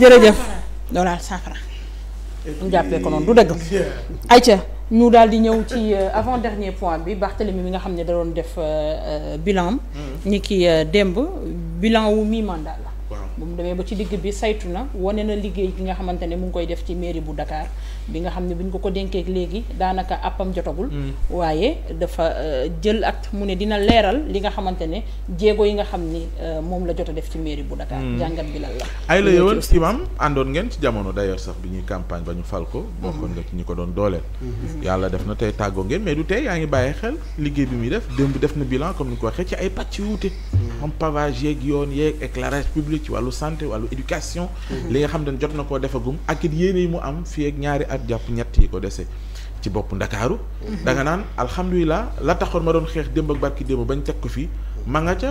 jërëjëf dollar cent francs ñu jàppee ko noonu du dëgg euh, ayca ñu daal di ñëw ci euh, avant dernier point bi Barthélemy mi nga xam ne da def euh, bilan. ñi mm. ki démb bilan wu mi mandat la bu mu demee ba ci digg bi saytu na wane na liggéey bi nga xamante ne mu ngi koy def ci mairie bu Dakar bi nga xam ne bu ñu ko ko dénkee léegi daanaka appam jotagul. Mm. waaye dafa euh, jël at mu ne dina leeral li nga xamante ne jéego yi nga xam ni euh, moom la jot a def ci mairie bu Dakar. Mm. jàngat bi lan la. ay la yowoon imam àndoon ngeen ci jamono d'ailleurs sax bi ñuy campagne ba ñu fal ko. Mm-hmm. bokkoon nga ci ñu ko doon dooleel. Mm-hmm. yàlla def na tey tàggoo ngeen mais du tey yaa ngi bàyyi xel liggéey bi muy def na bilan comme ni ko ci ay pàcc yu wuute. am mm-hmm. pavage santé wàllu éducation mm-hmm. li nga xam ne jot na koo defagum ak it yéene yi mu am fi ak ñaari at jàpp ñett yi ko dese ci bopp ndakaaru mm-hmm. danga naan alhamdulilah la taxoon ma doon xeex démb ak barki démb bañ teg ko fi ma nga ca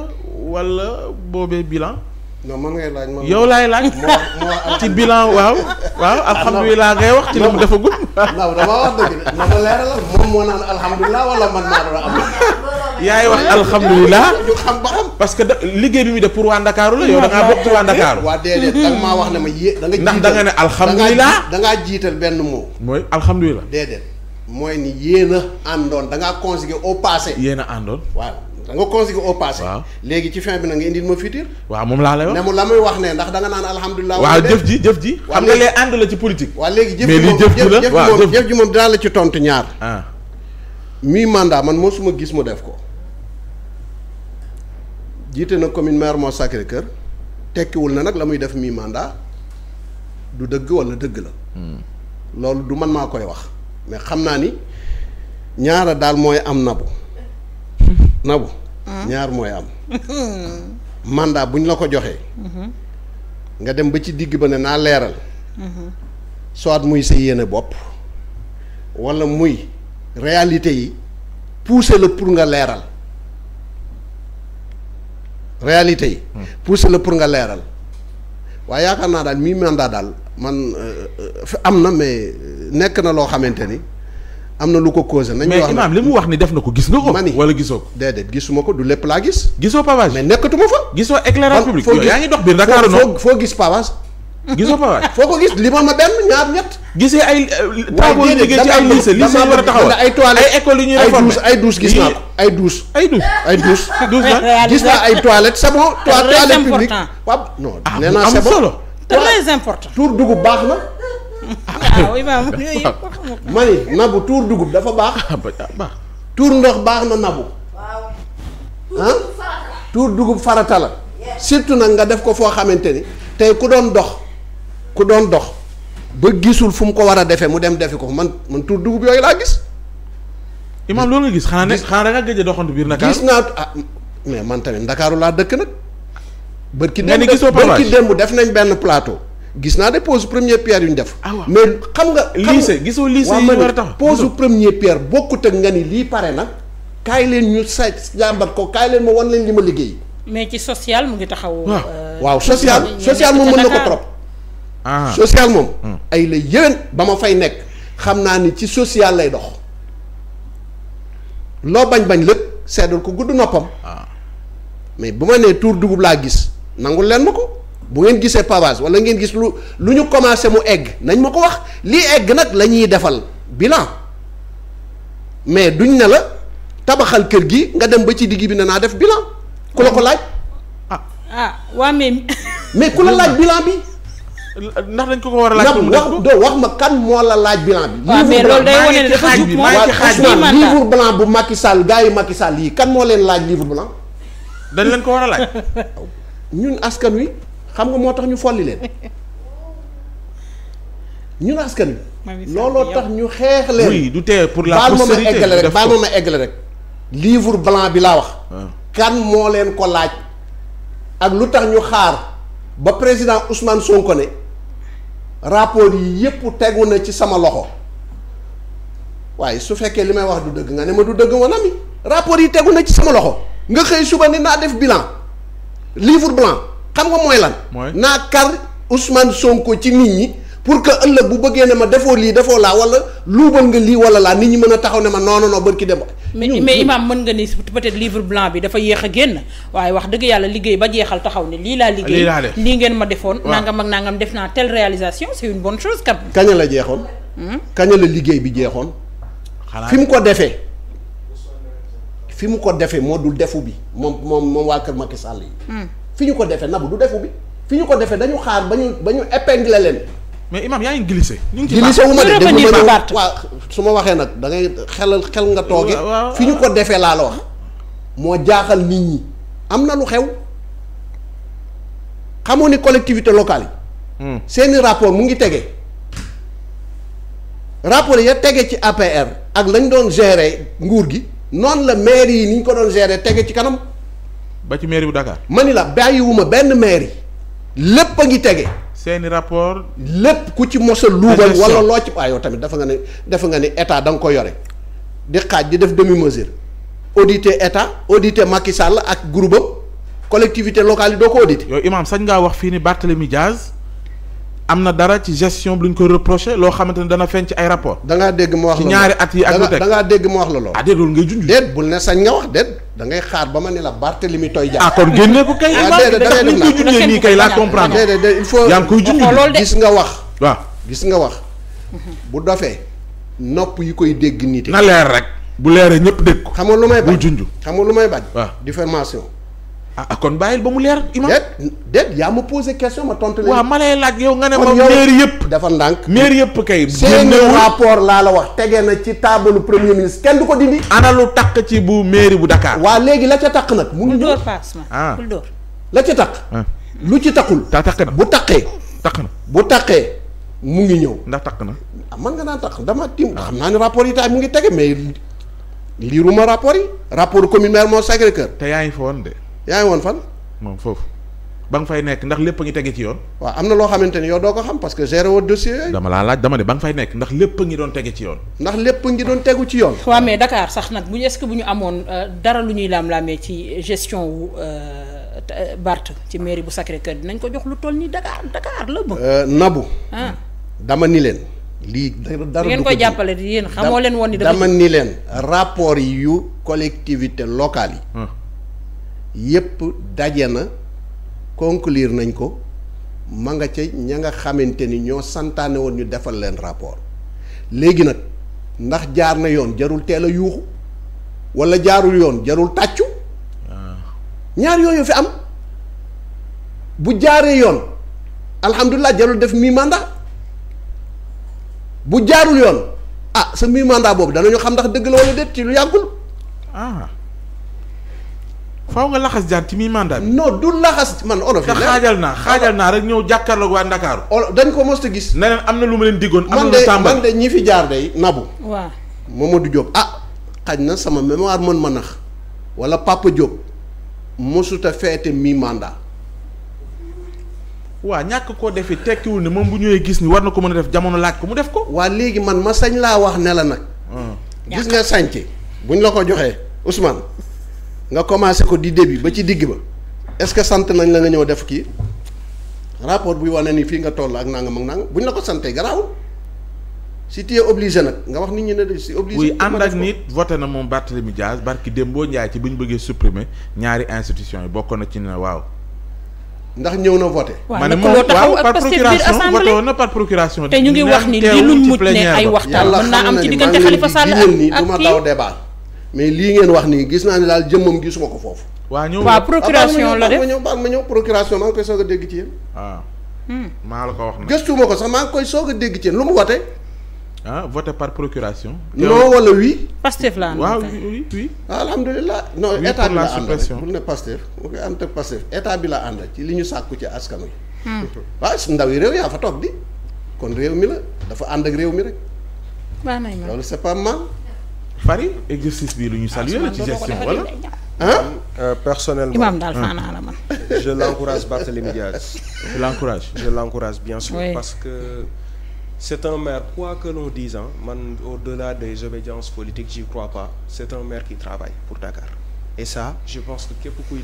wala boobee bilan non man ngay yow laay laaj. ci bilan waaw. waaw alhamdulilah ngay wax ci li mu defagul. yaay wax alhamdulilah ñu xam ba parce que liggéey bi muy def pour waa Ndakaaru la yow da bokk waa Ndakaaru waa déedéet da nga maa wax ne ma yé da nga da nga ne alhamdulilah da ngaa jiital benn mot mooy alhamdulilah déedéet mooy ni yéen a àndoon da ngaa conjugué au passé yéen a àndoon waaw da nga conjugué au passé waaw léegi ci fen bi na nga indil ma futur waa moom laa lay wax ne mu la muy wax ne ndax da naan alhamdulilah waa jëf ji jëf ji xam nga lee ànd la ci politique waaw léegi jëf ji jëf moom dinaa la ci tontu ñaar ah. mi mandat man moo gis mu def ko jiite na commune maire moo sacré kër tekkiwul na nag la muy def mii mandat du dëgg wala dëgg la. Hmm. loolu du man maa koy wax mais xam naa ni ñaara daal mooy am nabu. Hmm. nabu. Hmm. ñaar mooy am. mandat bu ñu la ko joxee. nga dem ba ci digg ba ne naa leeral. soit muy sa yéene bopp wala muy réalité yi pousser la pour nga leeral. réalité yi. poussé la pour nga leeral. waaye yaakaar naa daal mi mandat daal man euh, euh, am na mais euh, nekk na loo xamante ni am na lu ko causé. nañu wax mais imaam li mu wax ni def na ko gis nga ko. man mani wala gisoo ko. déedéet gisuma ko du lépp laa gis. gisoo pavage mais nekkatuma fa. gisoo éclairage public. foo gis yaa ngi dox biir Dakar noonu foo gis pavage. gisoo fa foo ko gis li ma ma benn ñaar ñett. gisee ay. Euh, taaboo yi liggéey ci ay lycée lycée war a taxawal ay toilettes ay écoles yu ñuy réformé ay douche gis naa ko ay douche. ay douche ay douche. douche la gis naa ay toilettes c'est bon. toilette publique waaw non. Ah, nee naa c'est bon très important. tuur dugub baax na. Ah, waaw Ibrahima ma ni nabu tuur dugub dafa baax. Ah, baax tuur ndox baax na nabu. waaw. ah tuur dugub farata la. surtout nag nga def ko foo xamante ni tey ku doon dox. ku doon dox ba gisul fu mu ko war a defee mu dem defi ko man man tur dugub yooyu laa gis. imaam loolu nga gis xanaa ne xanaa da nga gëj a doxantu biir Ndakaaru gis naa ah mais man tamit Ndakaaru laa dëkk nag. bërki démb bërki bu def nañ benn plateau. gis naa de pose première pierre yu ñu def. Ah mais xam nga. lycée gisoo lycée yi war a tax pose premier pierre bokkut ak nga ni lii pare na. kaay leen ñu sa jàmbat ko kaay leen ma wan leen li ma liggéey. mais ci social mu ngi taxaw. waaw euh, social social moom mën na ko trop. Ah. social moom hmm. ay la yéen ba ma fay nekk xam naa ni ci social lay dox loo bañ-bañ lépp seddal ko gudd noppam ah. mais bu ma nee tuur dugub laa gis nangul leen ma ko bu ngeen gisee pavage wala ngeen gis lu lu ñu commencé mu egg nañ ma ko wax lii egg nag lañuy defal bilan mais duñ ne la tabaxal kër gi nga dem ba ci digg bi ne naa def bilan ku la ko laaj ah, mais ku la laaj bilan bi ndax dañ ko ko war a laaj. wax ma kan moo la laaj bilan bi. waaw mais loolu day wane ne dafa jub moom waaw livre blanc bu Macky kan moo leen laaj livre blanc. dañ leen ko war a laaj. ñun askan wi xam nga moo tax ñu folli leen ñun askan wi. looloo tax ñu xeex du tee pour la postérité baal ma rek baal ma ma bi laa wax ah. kan moo leen ko laaj ak lu tax ñu xaar ba président Ousmane Sonko rapport yi yëpp tegu na ci sama loxo waaye su fekkee li may wax du dëgg nga ne ma du dëgg wan ami rapport yi tegu na ci sama loxo nga xëy suba ni naa def bilan livre blanc xam nga mooy lan naa kar Ousmane Sonko ci nit ñi pour que ëllëg bu bëggee ne ma defoo lii defoo laa wala luubal nga lii wala laa nit ñi mën a taxaw ne ma non non non ki dem. mais mais Imaam mën nga ni peut-être livre blanc bi dafa yéex a génn waaye wax dëgg yàlla liggéey ba jeexal taxaw ne lii laa liggéey lii ngeen ma defoon. nangam ak nangam def naa telle réalisation c'est une bonne chose quand même. a la jeexoon. Hmm? kañ la liggéey bi jeexoon. fi mu ko defee. fi mu ko defee moo dul defu bi moom moom moom waa kër Macky Sall hmm. fi ñu ko defee nabu du defu bi fi ñu ko defee dañu xaar ba ñu ba ñu épinglé leen mais imam yaa ngi glissé. ñu ngi ci glissé wu ma de waaw su ma waxee nag da ngay xelal xel nga tooge. fi ñu ko defee laa la wax. moo jaaxal nit ñi am na lu xew. xamoo ni collectivité locale yi. Hmm. seeni rapport mu ngi tege. rapport ya tege ci APR ak lañ doon gérer nguur gi noonu la maire yi ni ñu ko doon gérer tege ci kanam. ba ci mairie bu Dakar. ma ni la bàyyiwuma benn mairie lépp a ngi tege. seeni rapport lépp ku ci mos a luubal wala loo ci yow tamit dafa nga ne dafa nga ne état da nga ko yore di xaaj di def demi mesure auditer état auditer Macky Sall ak groupe am collectivité locale yi doo ko auditer. yooyu Imaam sañ ngaa wax fii ni Barthélemy Diaz. am na dara ci gestion bi lu ñu ko reproché loo xamante ne dana fenc ay rapport da dégg ma wax la ci ñaari at yi ak lu teg da ngaa dégg ma wax la loolu ah déet loolu ngay junj déet bul ne sañ nga wax déet da xaar ba ma ne la Barthélemy Toye Dias ah kon génne ko kay ah, da ñu koy kay laa comprendre déedéet il faut yaa ngi koy junj gis nga wax waa gis nga wax bu dofee nopp yi koy dégg nit na leer rek bu leeree ñëpp dégg ko xam nga lu may junj xam nga lu may bañ waaw diffamation Ah, ah kon bàyyil ba mu leer imam déet yaa ma posé question ma tontu leen. waaw ma laaj yow nga ne ma maire yëpp. dafa ndànk maire yëpp kay. seen rapport laa wax tege na ci taabalu premier kenn du ko dindi. ana lu takk ci bu mairie bu Dakar. waa léegi la ca takk nag. mu door Fass ma bul la ca takk. Ah. lu ci takkul. taa takk bu takkee. takk bu takkee. mu ngi ñëw ndax takk na. am ah, man nga naan takk dama tim xam naa ne rapport yi taay mu ngi tege mais liiruma rapport yi. rapport commune maire moo sacré te yaa ngi foon de. yaa ngi woon fan. moom foofu ba nga fay nekk ndax lépp a ngi tege ci yoon. waaw am na loo xamante ni yow doo ko xam parce que gérer woo dossier yooyu. dama laa laaj dama ne ba nga a ngi doon tege ci yoon. ndax lépp a ngi doon tegu ci yoon. amoon euh, dara lu ñuy laam-laamee ci gestion wu. Euh, Barth ci mairie bu Sacré-Cœur dinañ ko jox lu toll nii Dakar Dakar la ba. Euh, Nabu. Ah. dama ni leen. lii dara dara ngeen koy jàppale yéen xamoo leen woon ni. dama ni leen rapport yu collectivité locale yi. Ah. yépp daje na conclure nañ ko ma nga ca ña nga xamante ni ñoo santaane woon ñu defal leen rapport léegi nag ndax jaar na yoon jarul teel a yuuxu walla jaarul yoon jarul tàccu ah. ñaar yooyu fi am bu jaaree yoon alhamdulilah jarul def mi bu jaarul yoon a ah, sa mi mandat boobu danañu xam ndax dëgg la walla déet ci lu yàggul ah faaw nga laxas jaar ci mi mandat bi. non du laxas man olof yi. xaajal naa xaajal naa rek ñëw jàkkaarloog waa Ndakaaru. olof dañ ko mos a gis. ne leen am na lu ma leen diggoon. am na lu tàmbali man de man de ñi fi jaar day nabu. ma du Diop a ah, xaj na sama mémoire mën ma nax wala Papa Diop mosut a feete mi waa ñàkk koo defi tekkiwul ne moom bu ñëwee gis ni war na ko mën a def jamono laaj ko mu def ko. waa léegi man ma sañ laa wax ne la nag. Ah. gis nga sànce buñ la ko joxee Ousmane. nga commencé ko di début ba ci digg ba est-ce que sant nañ la nga ñëw def kii rapport buy wane ni fii nga toll ak nangam ak bu ñu la ko santee garaawul si tu es nag nga wax nit ñu ne de si obligé. oui ànd ak nit voté na moom Barthélemy Diaz barki Dembo Ndiaye ci bu ñu bëggee supprimer ñaari institution yi bokkoon na ci ne waaw. ndax ñëw na voté. waaw nag loo taxaw ak parce que biir assemblée par procuration voté na par procuration. te ñu ngi wax ni li lu mucc ne ay waxtaan mën naa am ci diggante Khalifa Sall na ni man mii nii du ma daw mais lii ngeen wax nii gis naa ne daal jëmmam gisuma ko foofu. waa ñëw waaw procuration la def ma ñëw baal ma ñëw procuration maa ngi koy soog a dégg ci yéen. waaw. Ah. Hmm. maa la ko wax nag. gëstuma ko sax maa ngi koy soog a dégg ci yéen lu mu wote. ah voté par procuration. non wala oui. Pastef la am waaw oui oui. alhamdulilah non état bi la àndal rek bul ne Pastef bu koy ànd ak Pastef état bi la àndal ci li ñu sàkku ci askan wi. Hmm. waaw ndaw yi réew yaa fa toog di kon réew mi la dafa ànd ak réew mi rek. loolu c'est pas mal. Paris exercice bi lu ñu saluer ah, la ci gestion voilà ah. Euh, personnellement imam daal faanaana man. je l'encourage Barthélémy Diaz. je l'encourage je l'encourage bien sûr. parce que c'est un maire quoi que l'on dise hein, man au-delà des obédiences politiques j'y crois pas c'est un maire qui travaille pour Dakar. et ça je pense que képp kuy